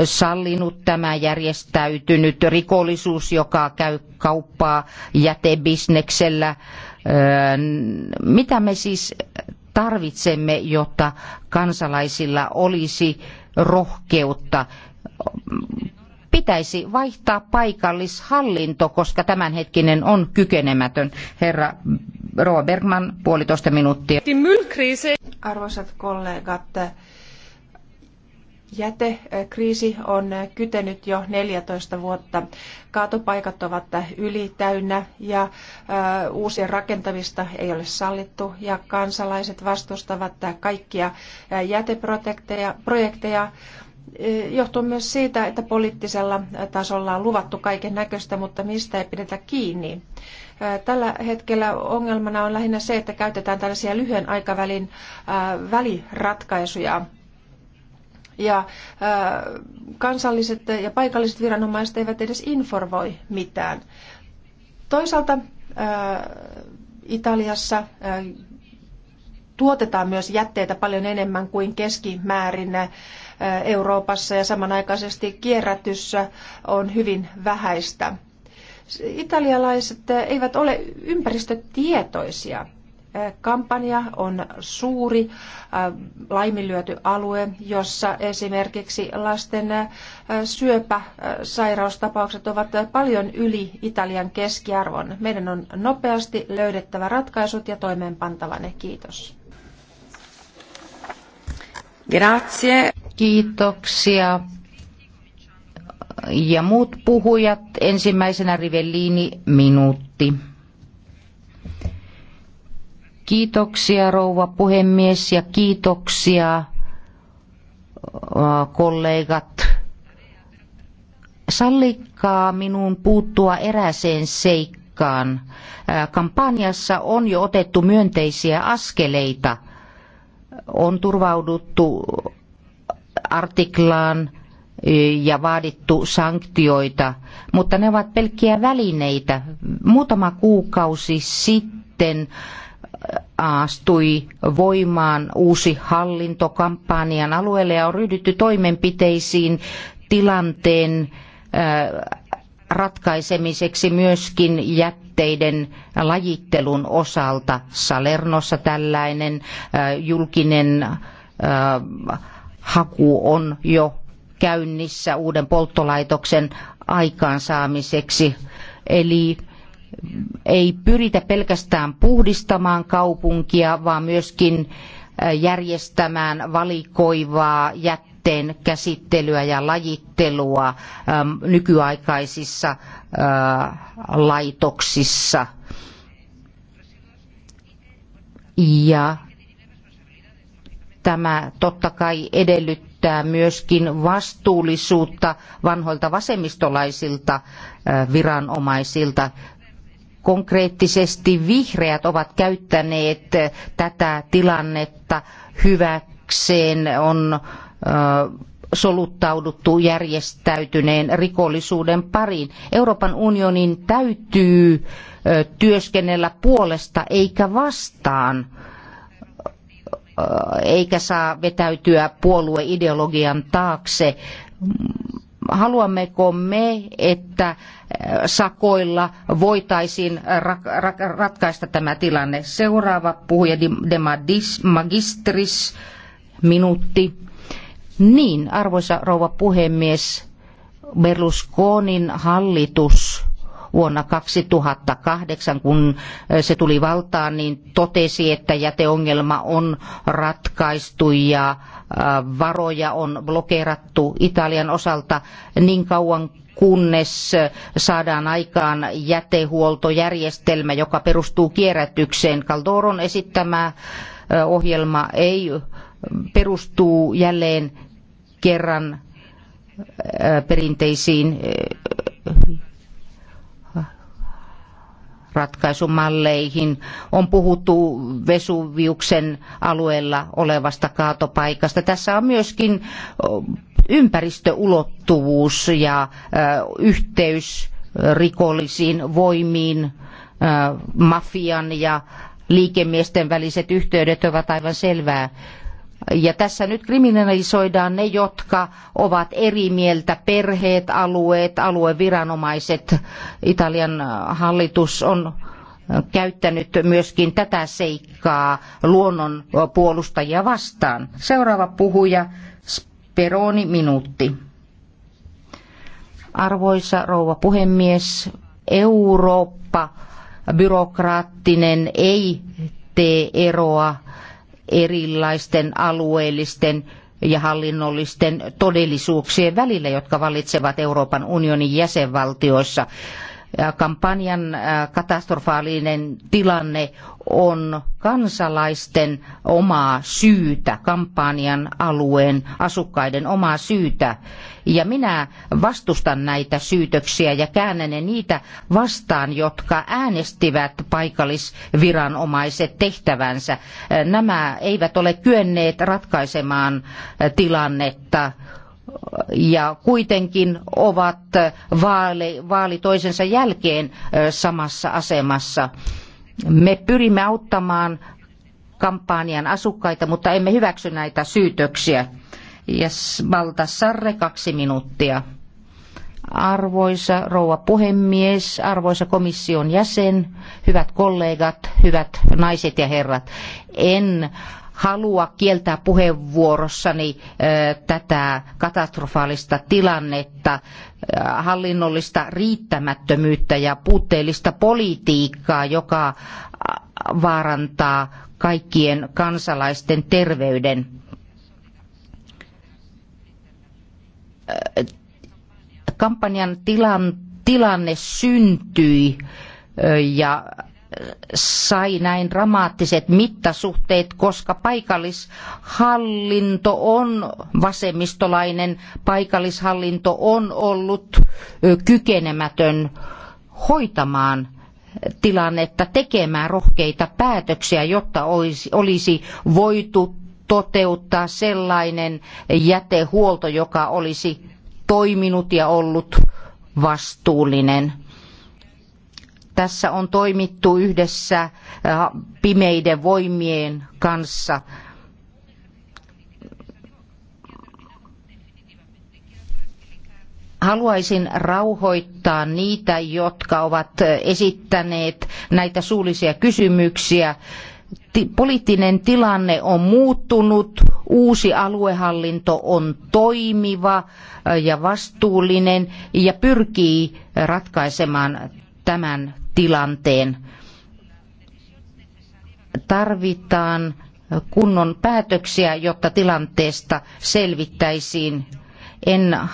sallinut tämä järjestäytynyt rikollisuus, joka käy kauppaa jätebisneksellä. Öö, mitä me siis tarvitsemme, jotta kansalaisilla olisi rohkeutta pitäisi vaihtaa paikallishallinto, koska tämänhetkinen on kykenemätön. Herra Roa Bergman, puolitoista minuuttia. Arvoisat kollegat, Jätekriisi on kytenyt jo 14 vuotta. Kaatopaikat ovat yli täynnä ja uusien rakentamista ei ole sallittu ja kansalaiset vastustavat kaikkia jäteprojekteja johtuu myös siitä, että poliittisella tasolla on luvattu kaiken näköistä, mutta mistä ei pidetä kiinni. Tällä hetkellä ongelmana on lähinnä se, että käytetään tällaisia lyhyen aikavälin väliratkaisuja ja kansalliset ja paikalliset viranomaiset eivät edes informoi mitään. Toisaalta Italiassa tuotetaan myös jätteitä paljon enemmän kuin keskimäärin Euroopassa ja samanaikaisesti kierrätys on hyvin vähäistä. Italialaiset eivät ole ympäristötietoisia kampanja on suuri äh, laiminlyöty alue, jossa esimerkiksi lasten äh, syöpäsairaustapaukset äh, ovat paljon yli Italian keskiarvon. Meidän on nopeasti löydettävä ratkaisut ja toimeenpantava ne. Kiitos. Grazie. Kiitoksia. Ja muut puhujat, ensimmäisenä Rivellini, minuutti. Kiitoksia rouva puhemies ja kiitoksia äh, kollegat. Sallikkaa minun puuttua eräseen seikkaan. Äh, kampanjassa on jo otettu myönteisiä askeleita. On turvauduttu artiklaan äh, ja vaadittu sanktioita, mutta ne ovat pelkkiä välineitä. Muutama kuukausi sitten astui voimaan uusi hallinto kampanjan alueelle ja on ryhdytty toimenpiteisiin tilanteen äh, ratkaisemiseksi myöskin jätteiden lajittelun osalta. Salernossa tällainen äh, julkinen äh, haku on jo käynnissä uuden polttolaitoksen aikaansaamiseksi. Eli ei pyritä pelkästään puhdistamaan kaupunkia, vaan myöskin järjestämään valikoivaa jätteen käsittelyä ja lajittelua nykyaikaisissa laitoksissa. Ja tämä totta kai edellyttää myöskin vastuullisuutta vanhoilta vasemmistolaisilta viranomaisilta. Konkreettisesti vihreät ovat käyttäneet tätä tilannetta hyväkseen, on soluttauduttu järjestäytyneen rikollisuuden pariin. Euroopan unionin täytyy työskennellä puolesta eikä vastaan eikä saa vetäytyä puolueideologian taakse Haluammeko me, että äh, sakoilla voitaisiin ratkaista tämä tilanne? Seuraava puhuja de magistris, minuutti. Niin, arvoisa rouva puhemies, Berlusconin hallitus vuonna 2008, kun se tuli valtaan, niin totesi, että jäteongelma on ratkaistu ja varoja on blokeerattu Italian osalta niin kauan kunnes saadaan aikaan jätehuoltojärjestelmä, joka perustuu kierrätykseen. Caldoron esittämä ohjelma ei perustuu jälleen kerran perinteisiin ratkaisumalleihin. On puhuttu Vesuviuksen alueella olevasta kaatopaikasta. Tässä on myöskin ympäristöulottuvuus ja yhteys rikollisiin voimiin, mafian ja liikemiesten väliset yhteydet ovat aivan selvää ja tässä nyt kriminalisoidaan ne, jotka ovat eri mieltä, perheet, alueet, alueviranomaiset. Italian hallitus on käyttänyt myöskin tätä seikkaa luonnon puolustajia vastaan. Seuraava puhuja, Speroni Minuutti. Arvoisa rouva puhemies, Eurooppa byrokraattinen ei tee eroa erilaisten alueellisten ja hallinnollisten todellisuuksien välillä, jotka vallitsevat Euroopan unionin jäsenvaltioissa kampanjan äh, katastrofaalinen tilanne on kansalaisten omaa syytä, kampanjan alueen asukkaiden omaa syytä. Ja minä vastustan näitä syytöksiä ja käännän ne niitä vastaan, jotka äänestivät paikallisviranomaiset tehtävänsä. Äh, nämä eivät ole kyenneet ratkaisemaan tilannetta ja kuitenkin ovat vaali, vaali toisensa jälkeen samassa asemassa. Me pyrimme auttamaan kampanjan asukkaita, mutta emme hyväksy näitä syytöksiä. Ja Valta Sarre, kaksi minuuttia. Arvoisa rouva puhemies, arvoisa komission jäsen, hyvät kollegat, hyvät naiset ja herrat, en halua kieltää puheenvuorossani tätä katastrofaalista tilannetta, hallinnollista riittämättömyyttä ja puutteellista politiikkaa, joka vaarantaa kaikkien kansalaisten terveyden kampanjan tilan, tilanne syntyi ja sai näin dramaattiset mittasuhteet, koska paikallishallinto on vasemmistolainen, paikallishallinto on ollut kykenemätön hoitamaan tilannetta, tekemään rohkeita päätöksiä, jotta olisi, olisi voitu toteuttaa sellainen jätehuolto, joka olisi toiminut ja ollut vastuullinen. Tässä on toimittu yhdessä äh, pimeiden voimien kanssa. haluaisin rauhoittaa niitä, jotka ovat esittäneet näitä suullisia kysymyksiä. Poliittinen tilanne on muuttunut, uusi aluehallinto on toimiva äh, ja vastuullinen ja pyrkii ratkaisemaan tämän tilanteen. Tarvitaan kunnon päätöksiä, jotta tilanteesta selvittäisiin. En äh,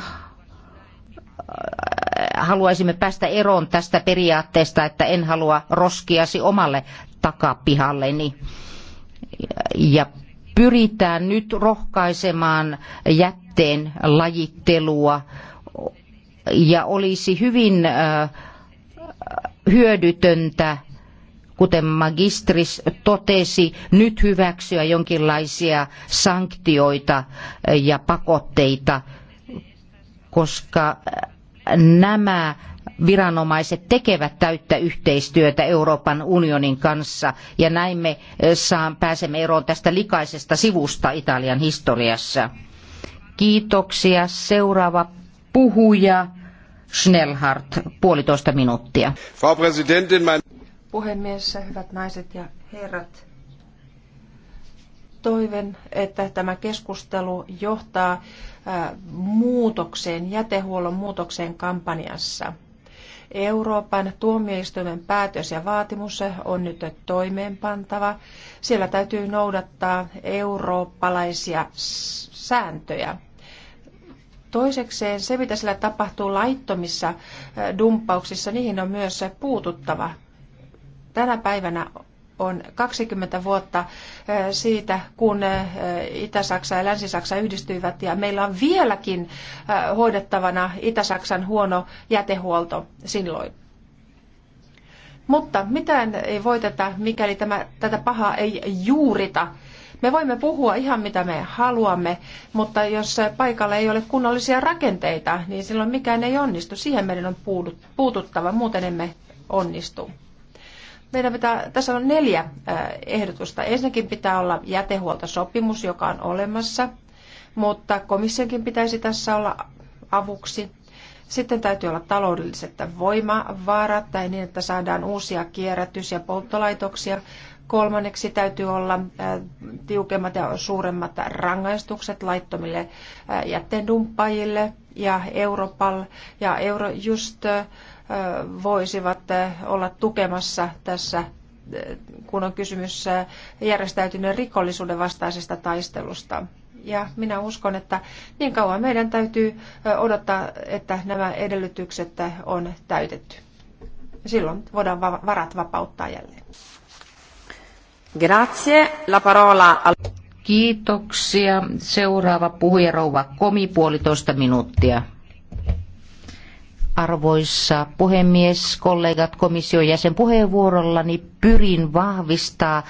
haluaisimme päästä eroon tästä periaatteesta, että en halua roskiasi omalle takapihalleni. Ja pyritään nyt rohkaisemaan jätteen lajittelua ja olisi hyvin äh, hyödytöntä, kuten magistris totesi, nyt hyväksyä jonkinlaisia sanktioita ja pakotteita, koska nämä viranomaiset tekevät täyttä yhteistyötä Euroopan unionin kanssa ja näin me saan, pääsemme eroon tästä likaisesta sivusta Italian historiassa. Kiitoksia. Seuraava puhuja Schnellhardt, puolitoista minuuttia. Frau Präsidentin, mein... Puhemies, hyvät naiset ja herrat. Toivon, että tämä keskustelu johtaa äh, muutokseen, jätehuollon muutokseen kampanjassa. Euroopan tuomioistuimen päätös ja vaatimus on nyt toimeenpantava. Siellä täytyy noudattaa eurooppalaisia sääntöjä. Toisekseen se, mitä siellä tapahtuu laittomissa äh, dumppauksissa, niihin on myös puututtava. Tänä päivänä on 20 vuotta äh, siitä, kun äh, Itä-Saksa ja Länsi-Saksa yhdistyivät ja meillä on vieläkin hoidettavana Itä-Saksan huono jätehuolto silloin. Mutta mitään ei voiteta, mikäli tämä, tätä pahaa ei juurita me voimme puhua ihan mitä me haluamme, mutta jos paikalla ei ole kunnollisia rakenteita, niin silloin mikään ei onnistu. Siihen meidän on puututtava, muuten emme onnistu. Meidän pitää, tässä on neljä ehdotusta. Ensinnäkin pitää olla jätehuoltosopimus, joka on olemassa, mutta komissionkin pitäisi tässä olla avuksi. Sitten täytyy olla taloudelliset voimavarat tai niin, että saadaan uusia kierrätys- ja polttolaitoksia Kolmanneksi täytyy olla äh, tiukemmat ja suuremmat rangaistukset laittomille äh, jätteendumppajille ja Europal ja Eurojust äh, voisivat olla tukemassa tässä kun on kysymys järjestäytyneen rikollisuuden vastaisesta taistelusta. Ja minä uskon, että niin kauan meidän täytyy odottaa, että nämä edellytykset on täytetty. Silloin voidaan varat vapauttaa jälleen. Grazie. La parola al... Kiitoksia. Seuraava puhuja rouva Komi, puolitoista minuuttia. Arvoisa puhemies, kollegat, komission jäsen puheenvuorollani pyrin vahvistaa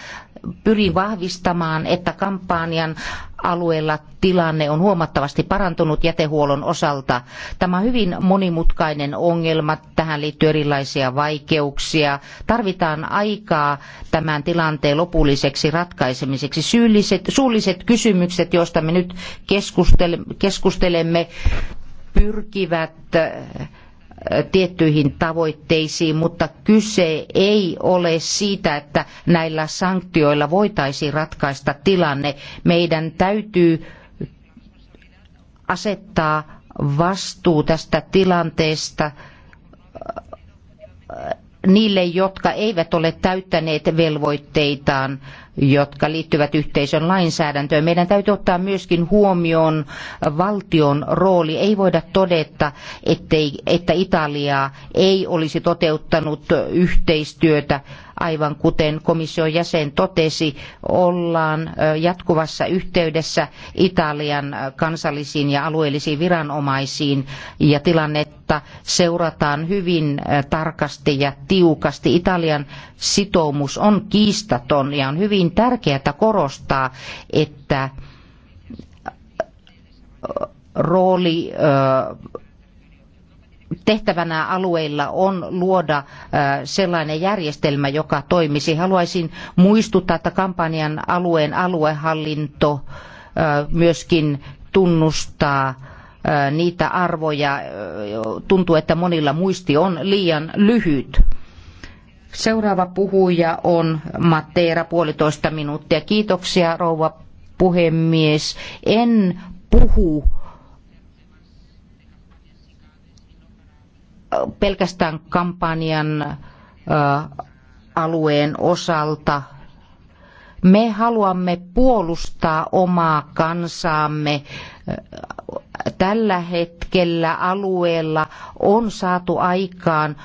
pyrin vahvistamaan, että kampanjan alueella tilanne on huomattavasti parantunut jätehuollon osalta. Tämä on hyvin monimutkainen ongelma, tähän liittyy erilaisia vaikeuksia. Tarvitaan aikaa tämän tilanteen lopulliseksi ratkaisemiseksi. Syylliset, suulliset kysymykset, joista me nyt keskustelemme, pyrkivät tiettyihin tavoitteisiin, mutta kyse ei ole siitä, että näillä sanktioilla voitaisiin ratkaista tilanne. Meidän täytyy asettaa vastuu tästä tilanteesta äh, niille, jotka eivät ole täyttäneet velvoitteitaan jotka liittyvät yhteisön lainsäädäntöön. Meidän täytyy ottaa myöskin huomioon valtion rooli. Ei voida todeta, ettei, että Italia ei olisi toteuttanut yhteistyötä aivan kuten komission jäsen totesi, ollaan jatkuvassa yhteydessä Italian kansallisiin ja alueellisiin viranomaisiin ja tilannetta seurataan hyvin tarkasti ja tiukasti. Italian sitoumus on kiistaton ja on hyvin tärkeää korostaa, että rooli tehtävänä alueilla on luoda sellainen järjestelmä, joka toimisi. Haluaisin muistuttaa, että kampanjan alueen aluehallinto myöskin tunnustaa niitä arvoja. Tuntuu, että monilla muisti on liian lyhyt. Seuraava puhuja on Matteera puolitoista minuuttia. Kiitoksia rouva puhemies. En puhu pelkästään kampanjan alueen osalta. Me haluamme puolustaa omaa kansaamme. Tällä hetkellä alueella on saatu aikaan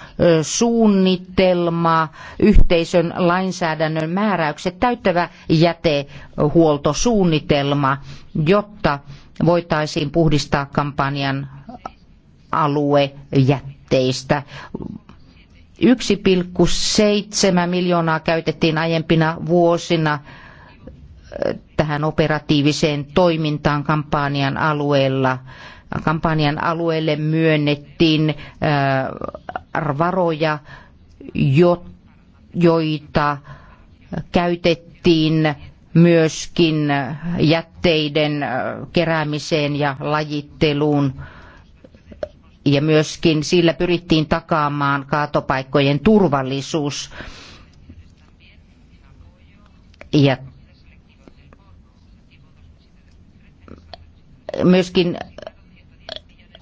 suunnitelma, yhteisön lainsäädännön määräykset täyttävä jätehuoltosuunnitelma, jotta voitaisiin puhdistaa kampanjan alue jätteistä jätteistä. 1,7 miljoonaa käytettiin aiempina vuosina äh, tähän operatiiviseen toimintaan kampanjan alueella. Kampanjan alueelle myönnettiin äh, varoja, joita käytettiin myöskin jätteiden äh, keräämiseen ja lajitteluun ja myöskin sillä pyrittiin takaamaan kaatopaikkojen turvallisuus. Ja myöskin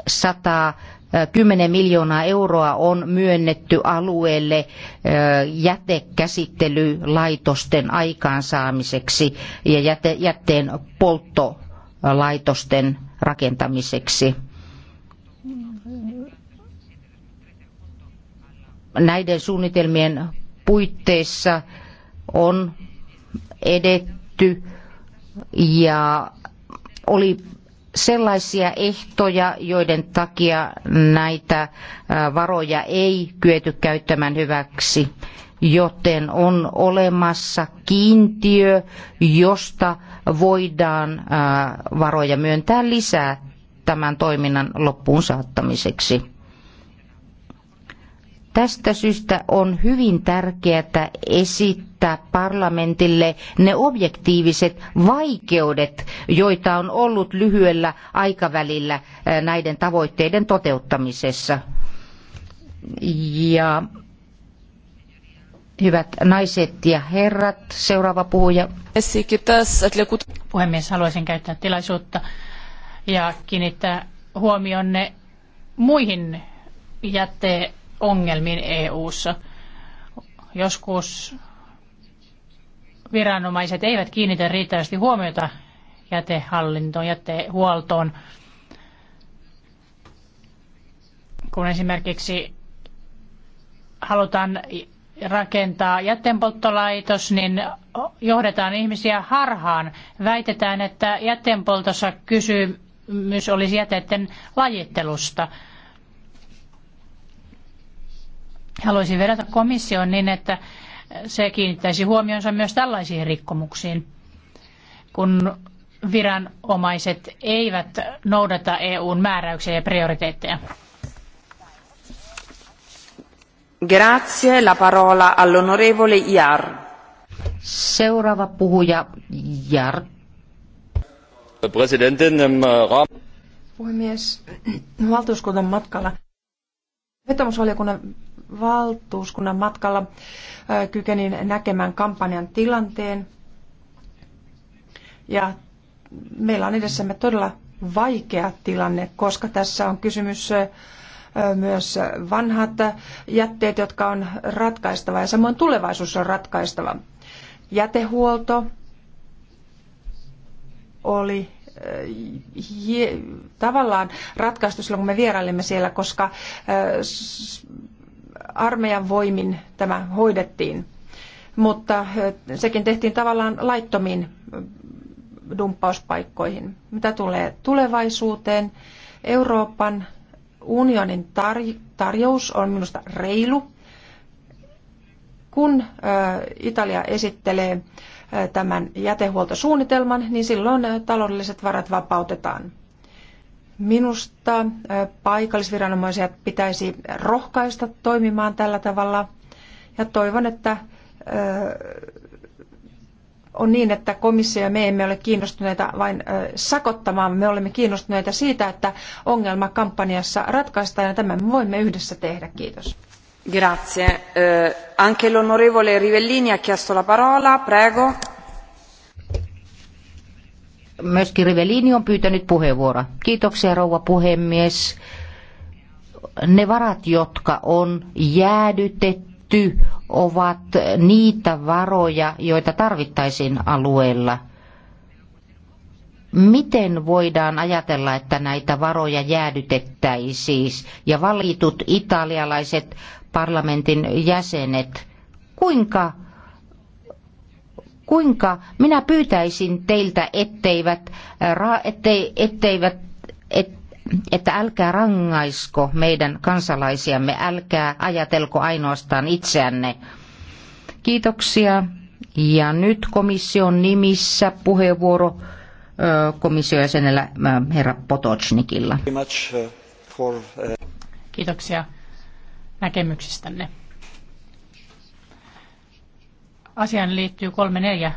110 miljoonaa euroa on myönnetty alueelle jätekäsittelylaitosten aikaansaamiseksi ja jätteen polttolaitosten rakentamiseksi. näiden suunnitelmien puitteissa on edetty ja oli sellaisia ehtoja, joiden takia näitä äh, varoja ei kyety käyttämään hyväksi, joten on olemassa kiintiö, josta voidaan äh, varoja myöntää lisää tämän toiminnan loppuun saattamiseksi. Tästä syystä on hyvin tärkeää esittää parlamentille ne objektiiviset vaikeudet, joita on ollut lyhyellä aikavälillä eh, näiden tavoitteiden toteuttamisessa. Ja hyvät naiset ja herrat, seuraava puhuja. Puhemies, haluaisin käyttää tilaisuutta ja kiinnittää huomionne muihin jätteen ongelmiin EU:ssa. Joskus viranomaiset eivät kiinnitä riittävästi huomiota jätehallintoon, jätehuoltoon. Kun esimerkiksi halutaan rakentaa jätteenpolttolaitos, niin johdetaan ihmisiä harhaan. Väitetään, että jätteenpoltossa kysymys olisi jätteiden lajittelusta. Haluaisin vedota komission niin, että se kiinnittäisi huomionsa myös tällaisiin rikkomuksiin, kun viranomaiset eivät noudata EUn määräyksiä ja prioriteetteja. Grazie, la parola all'onorevole Iar. Seuraava puhuja Jar. Presidentin Puhemies, valtuuskunnan matkalla vetomusvaliokunnan valtuuskunnan matkalla kykenin näkemään kampanjan tilanteen. Ja meillä on edessämme todella vaikea tilanne, koska tässä on kysymys myös vanhat jätteet, jotka on ratkaistava ja samoin tulevaisuus on ratkaistava. Jätehuolto oli tavallaan ratkaistu silloin, kun me vierailimme siellä, koska armeijan voimin tämä hoidettiin, mutta sekin tehtiin tavallaan laittomiin dumppauspaikkoihin. Mitä tulee tulevaisuuteen, Euroopan unionin tar- tarjous on minusta reilu. Kun Italia esittelee tämän jätehuoltosuunnitelman, niin silloin taloudelliset varat vapautetaan. Minusta paikallisviranomaisia pitäisi rohkaista toimimaan tällä tavalla ja toivon, että on niin, että komissio ja me emme ole kiinnostuneita vain sakottamaan, me olemme kiinnostuneita siitä, että ongelma kampanjassa ratkaistaan ja tämän me voimme yhdessä tehdä. Kiitos. Grazie. anche l'onorevole Rivellini ha chiesto la parola, prego myöskin Rivellini on pyytänyt puheenvuoroa. Kiitoksia rouva puhemies. Ne varat, jotka on jäädytetty, ovat niitä varoja, joita tarvittaisiin alueella – miten voidaan ajatella, että näitä varoja jäädytettäisiin ja valitut italialaiset parlamentin jäsenet, kuinka kuinka minä pyytäisin teiltä, etteivät, ettei, etteivät, et, että älkää rangaisko meidän kansalaisiamme, älkää ajatelko ainoastaan itseänne. Kiitoksia. Ja nyt komission nimissä puheenvuoro jäsenellä herra Potocnikilla. Kiitoksia näkemyksistänne. Asiaan liittyy kolme neljä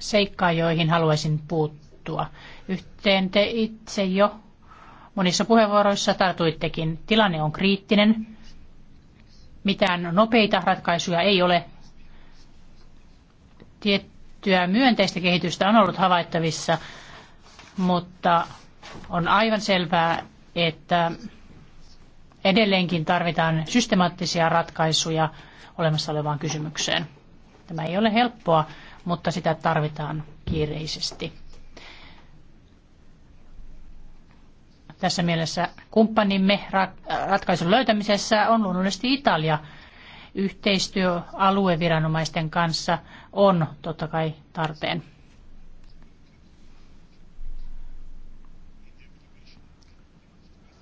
seikkaa, joihin haluaisin puuttua. Yhteen te itse jo monissa puheenvuoroissa tartuittekin. Tilanne on kriittinen. Mitään nopeita ratkaisuja ei ole. Tiettyä myönteistä kehitystä on ollut havaittavissa, mutta on aivan selvää, että edelleenkin tarvitaan systemaattisia ratkaisuja – olemassa olevaan kysymykseen. Tämä ei ole helppoa, mutta sitä tarvitaan kiireisesti. Tässä mielessä kumppanimme ratkaisun löytämisessä on luonnollisesti Italia. Yhteistyö alueviranomaisten kanssa on totta kai tarpeen.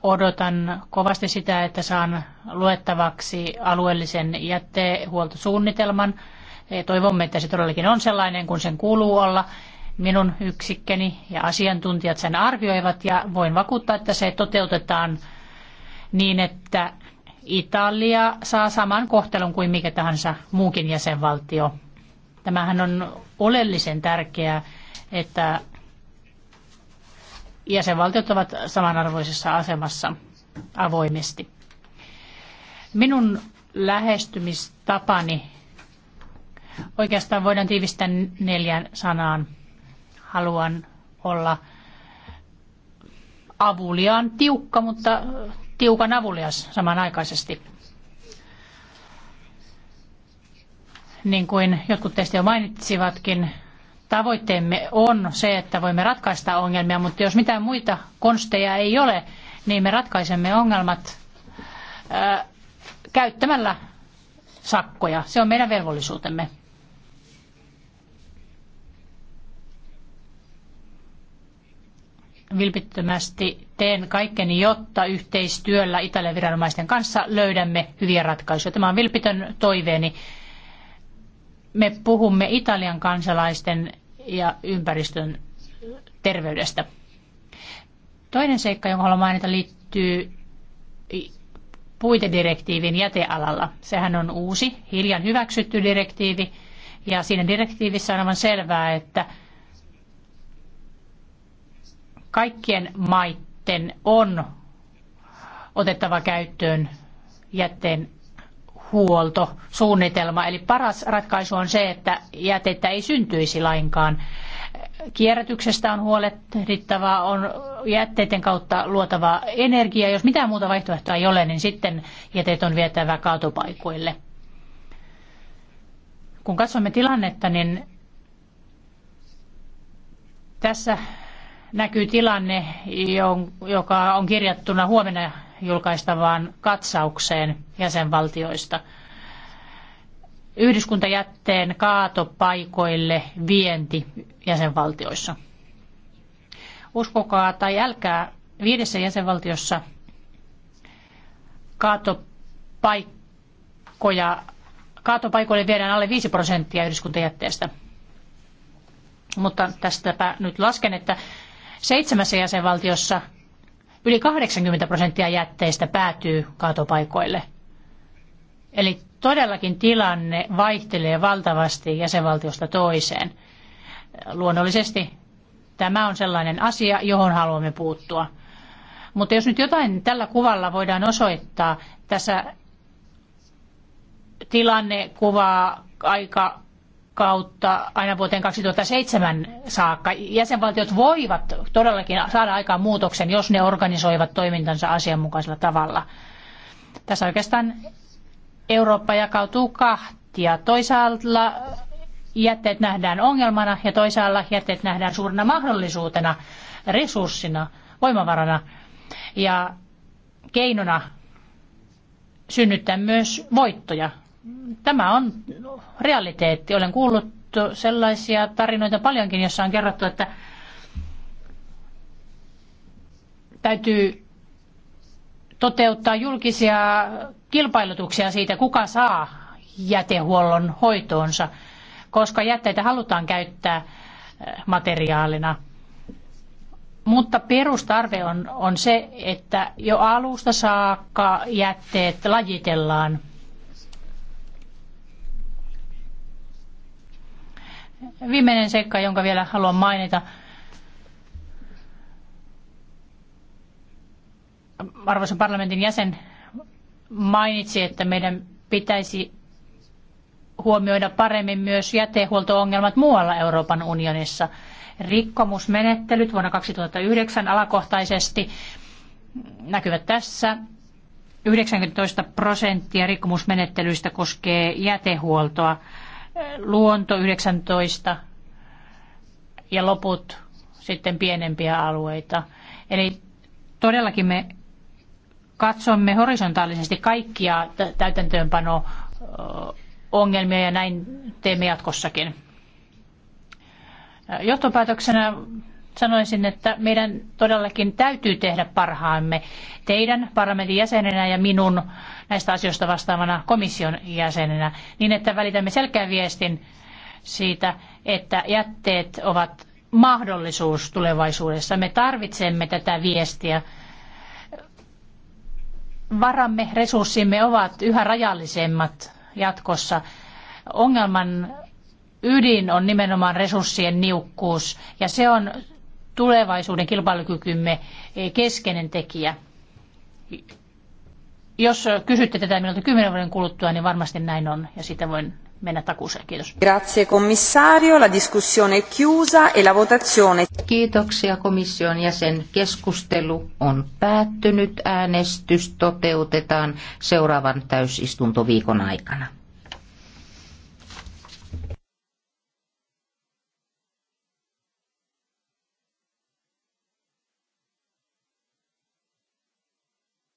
Odotan kovasti sitä, että saan luettavaksi alueellisen jätehuoltosuunnitelman. Eh, toivomme, että se todellakin on sellainen kuin sen kuuluu olla. Minun yksikkeni ja asiantuntijat sen arvioivat ja voin vakuuttaa, että se toteutetaan niin, että Italia saa saman kohtelun kuin mikä tahansa muukin jäsenvaltio. Tämähän on oleellisen tärkeää, että jäsenvaltiot ovat samanarvoisessa asemassa avoimesti. Minun lähestymistapani oikeastaan voidaan tiivistää neljän sanaan. Haluan olla avuliaan tiukka, mutta tiukan avulias samanaikaisesti. Niin kuin jotkut teistä jo mainitsivatkin, tavoitteemme on se, että voimme ratkaista ongelmia, mutta jos mitään muita konsteja ei ole, niin me ratkaisemme ongelmat ää, käyttämällä sakkoja. Se on meidän velvollisuutemme. Vilpittömästi teen kaikkeni, jotta yhteistyöllä Italian viranomaisten kanssa löydämme hyviä ratkaisuja. Tämä on vilpitön toiveeni me puhumme Italian kansalaisten ja ympäristön terveydestä. Toinen seikka, jonka haluan mainita, liittyy puitedirektiivin jätealalla. Sehän on uusi, hiljan hyväksytty direktiivi, ja siinä direktiivissä on aivan selvää, että kaikkien maiden on otettava käyttöön jätteen jätehuoltosuunnitelma. Eli paras ratkaisu on se, että jätettä ei syntyisi lainkaan. Kierrätyksestä on huolehdittavaa, on jätteiden kautta luotava energia. Jos mitään muuta vaihtoehtoa ei ole, niin sitten jätteet on vietävä kaatopaikoille. Kun katsomme tilannetta, niin tässä näkyy tilanne, joka on kirjattuna huomenna julkaistavaan katsaukseen jäsenvaltioista. Yhdyskuntajätteen kaatopaikoille vienti jäsenvaltioissa. Uskokaa tai älkää, viidessä jäsenvaltiossa kaatopaikkoja, kaatopaikoille viedään alle 5 prosenttia yhdyskuntajätteestä. Mutta tästäpä nyt lasken, että seitsemässä jäsenvaltiossa Yli 80 prosenttia jätteistä päätyy kaatopaikoille. Eli todellakin tilanne vaihtelee valtavasti jäsenvaltiosta toiseen. Luonnollisesti tämä on sellainen asia, johon haluamme puuttua. Mutta jos nyt jotain tällä kuvalla voidaan osoittaa, tässä tilanne kuvaa aika kautta aina vuoteen 2007 saakka. Jäsenvaltiot voivat todellakin saada aikaan muutoksen, jos ne organisoivat toimintansa asianmukaisella tavalla. Tässä oikeastaan Eurooppa jakautuu kahtia. Toisaalla jätteet nähdään ongelmana ja toisaalla jätteet nähdään suurena mahdollisuutena, resurssina, voimavarana ja keinona synnyttää myös voittoja Tämä on realiteetti. Olen kuullut sellaisia tarinoita paljonkin, jossa on kerrottu, että täytyy toteuttaa julkisia kilpailutuksia siitä, kuka saa jätehuollon hoitoonsa, koska jätteitä halutaan käyttää eh, materiaalina. Mutta perustarve on, on se, että jo alusta saakka jätteet lajitellaan viimeinen seikka, jonka vielä haluan mainita. Arvoisa parlamentin jäsen mainitsi, että meidän pitäisi huomioida paremmin myös jätehuolto-ongelmat muualla Euroopan unionissa. Rikkomusmenettelyt vuonna 2009 alakohtaisesti näkyvät tässä. 19 prosenttia rikkomusmenettelyistä koskee jätehuoltoa luonto 19 ja loput sitten pienempiä alueita. Eli todellakin me katsomme horisontaalisesti kaikkia täytäntöönpano ongelmia ja näin teemme jatkossakin. Johtopäätöksenä sanoisin, että meidän todellakin täytyy tehdä parhaamme teidän parlamentin jäsenenä ja minun näistä asioista vastaavana komission jäsenenä, niin että välitämme selkeän viestin siitä, että jätteet ovat mahdollisuus tulevaisuudessa. Me tarvitsemme tätä viestiä. Varamme, resurssimme ovat yhä rajallisemmat jatkossa. Ongelman ydin on nimenomaan resurssien niukkuus ja se on tulevaisuuden kilpailukykymme keskeinen tekijä. Jos kysytte tätä minulta kymmenen vuoden kuluttua, niin varmasti näin on ja sitä voin mennä takuuseen. Kiitos. Grazie commissario, la discussione è chiusa e la votazione. Kiitoksia komission jäsen. Keskustelu on päättynyt. Äänestys toteutetaan seuraavan täysistuntoviikon aikana.